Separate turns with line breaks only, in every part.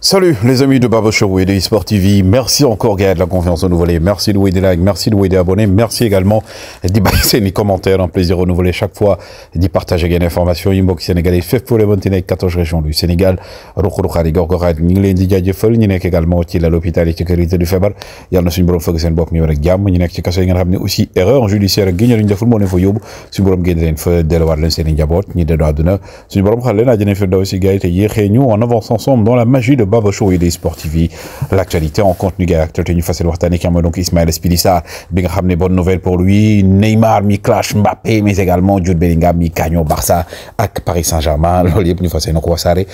Salut les amis de Babo Show et de eSport TV, merci encore Gaël de la confiance renouvelée, merci de louer des likes, merci de louer des abonnés, merci également d'y baisser les commentaires, un plaisir renouvelé chaque fois, d'y partager des informations, inbox sénégalais, fait pour les Monténègres, 14 régions du Sénégal, Rokhouroukha, les Gorgorad, Ninglé, Ndidia Djefel, Ninek également, qui est à l'hôpital et sécurité du Fabar, Yann Sunborom Fogsen Bok, Ninek Gam, Ninek Tchekasso, Yann Ramne aussi, erreur judiciaire, Guignol, Ndiaful, Monefo Yob, Sunborom Guédren, Feu, Delawar, Lensen, Ndiabot, Nidedouadouna, Sunborom Khalena, Djenef Daosi Gaël, et Yéhénou, en avance ensemble dans la magie de Baba Show et di Sport TV on continue face actualité donc Ismaël Spilissa bi nga bonne nouvelle pour lui Neymar mi clash Mbappé mais également Jude Bellingham mi Barça ak Paris Saint-Germain loolu nous face fas yéene ko wasaare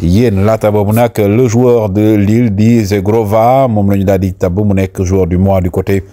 Yen La ak yéen le joueur de Lille dit Zegrova mon la ñu joueur du mois du côté.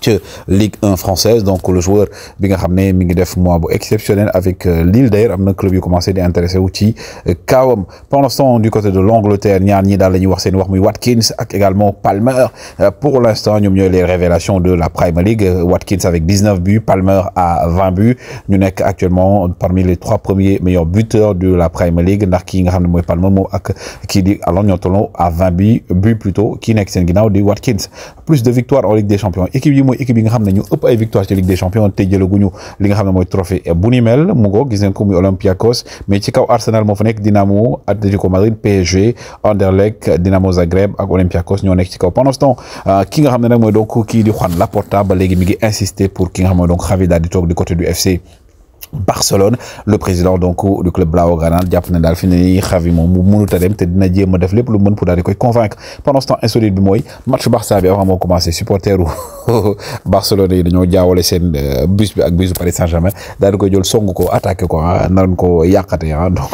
Que Ligue 1 française donc le joueur bi nga xamné mi ngi def mois bu exceptionnel avec euh, Lille d'ailleurs le club yu commencé di intéressé wu ci euh, kawam pendant ce temps du côté de l'Angleterre ñaar ñi a Nidale wax seen wax Watkins ak également Palmer euh, pour l'instant ñoom ñooy les révélations de la Premier League Watkins avec 19 buts Palmer à 20 buts ñu nekk actuellement parmi les trois premiers meilleurs buteurs de la Premier League ndax ki nga xamné moy Palmer mo ak ki di alors ñoo à 20 buts buts plutôt ki nekk seen di Watkins plus de victoires en Ligue des Champions équipe bi mooy équipe bi nga xamné ñu upp ay victoire ci Ligue des champions te jëlaguñu li nga xamné moy trophée bu ni mel mu ko gis ngeen ko muy Olympiakos mais ci kaw Arsenal mo fa nek Dinamo Atletico Madrid PSG Anderlecht Dinamo Zagreb ak Olympiakos ñoo nek ci kaw pendant ce temps euh, ki nga xamné nak moy donc ki di Juan Laporta ba légui mi ngi insister pour ki nga xamné donc Xavi da di tok du côté du FC Barcelone le président donc du club blaugrana jàpp ne Javi fi ne Xavi moom dem pour daal convaincre pendant ce temps insolite bi Moy, match Barça bi vraiment commencé. commencé ou Barcelone yi dañoo jaawale seen euh, bus bi ak Paris Saint-Germain daal di koy jël song ko attaqué quoi. ah ko ah, donc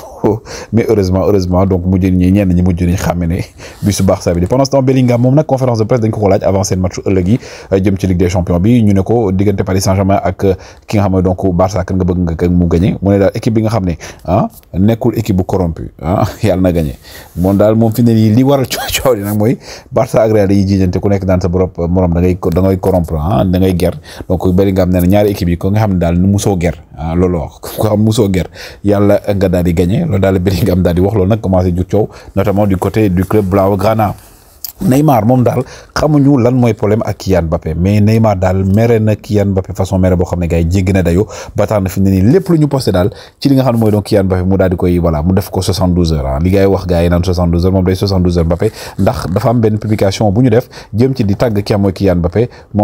mais heureusement heureusement donc mujj ñi ñen ñi mujj nañ xàmme ne bi su baax saa bi di pendant ce temps Bellingham mom nak conférence de presse dañ ko ko laaj avant seen match ëllëg yi euh, jëm ci Ligue des Champions bi ñu ne ko diggante Paris Saint-Germain ak euh, ki nga xam donc Barça kan nga bëgg nga kan mu gagner mu ne daal équipe bi nga xamné ne ah, nekul équipe bu corrompu ah yalla na gagner mon dal mom fi ne li war a coow li nag Barça ak Real yi jiijante ku nekk dans sa borop euh, morom da ngay da ngay corrompre ah da ngay ger donc Bellingham né na ñaari équipe yi ko nga xamné dal daal nu musoo ger ah wax ko xam musoo ger yàlla nga dal di gagner dans les bénédictions di on a commencé du coow notamment du côté du club Blaugrana Neymar moom daal xamuñu lan mooy problème a Kylian Mbappé mais Neymar daal mere na Kylian façon mere boo xam ne gars yi jéggi na dayoo ba tax na fi ne nii lépp lu ñu posté daal ci li xam ne mooy donc Kylian ah. moom am benn publication bu ñu di tàgg ki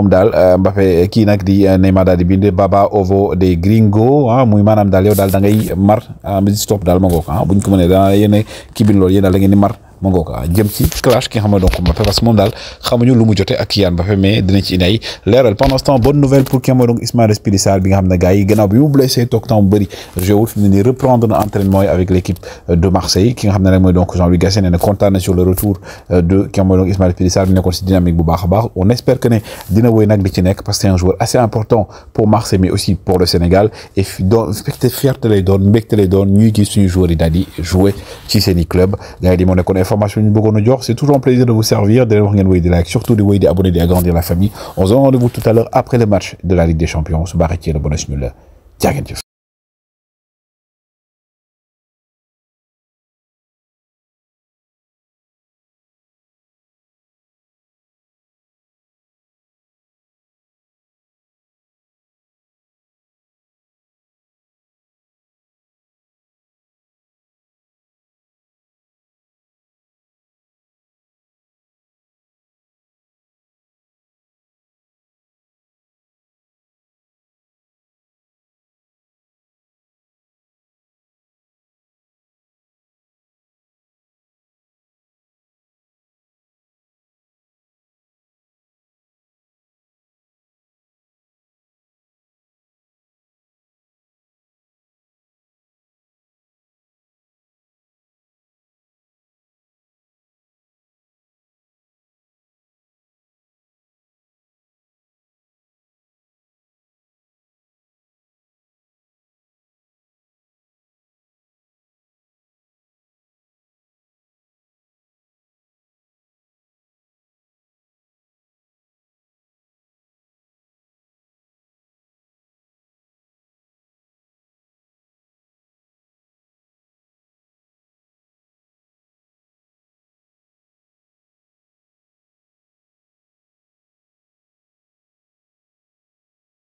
daal euh, Mbappé kii nag di euh, Neymar daal di bind baba ovo de gringo ah muy maanaam daal yow daal da ngay mar ah stop daal ma ngoog ah bu ñu ko mënee daa yéen a kii bi loolu mar. ma ah, jëm ci clash ki nga xam ne donc Mbappé parce que moom daal xamuñu lu mu jotee ak Kylian Mbappé mais dinañ ci inay ay leeral pendant ce temps bonne nouvelle pour ki nga xam ne donc Ismaïla Spilissar bi nga xam ne gars yi gannaaw bi mu blessé toog temps mu bëri joué fi mu ne nii reprendre na entraînement yi avec l' équipe euh, de Marseille ki nga xam ne nag mooy donc Jean-Louis Gasset nee na kontaan na sur le retour euh, de ki nga xam ne donc Ismaïla Spilissar bi nekkoon si dynamique bu baax a baax on espère que ne dina woy nag di ci nekk parce que c'est un joueur assez important pour Marseille mais aussi pour le Sénégal et doon fierté lay doon mbégte lay doon ñuy gis suñu joueur yi daal di jouer ci seen i club gars yi di moo nekkoon c'est toujours un plaisir de vous servir De vous surtout de vous di et di la famille on se donne rendez-vous tout à l'heure après le match de la Ligue des Champions On se de yéen bon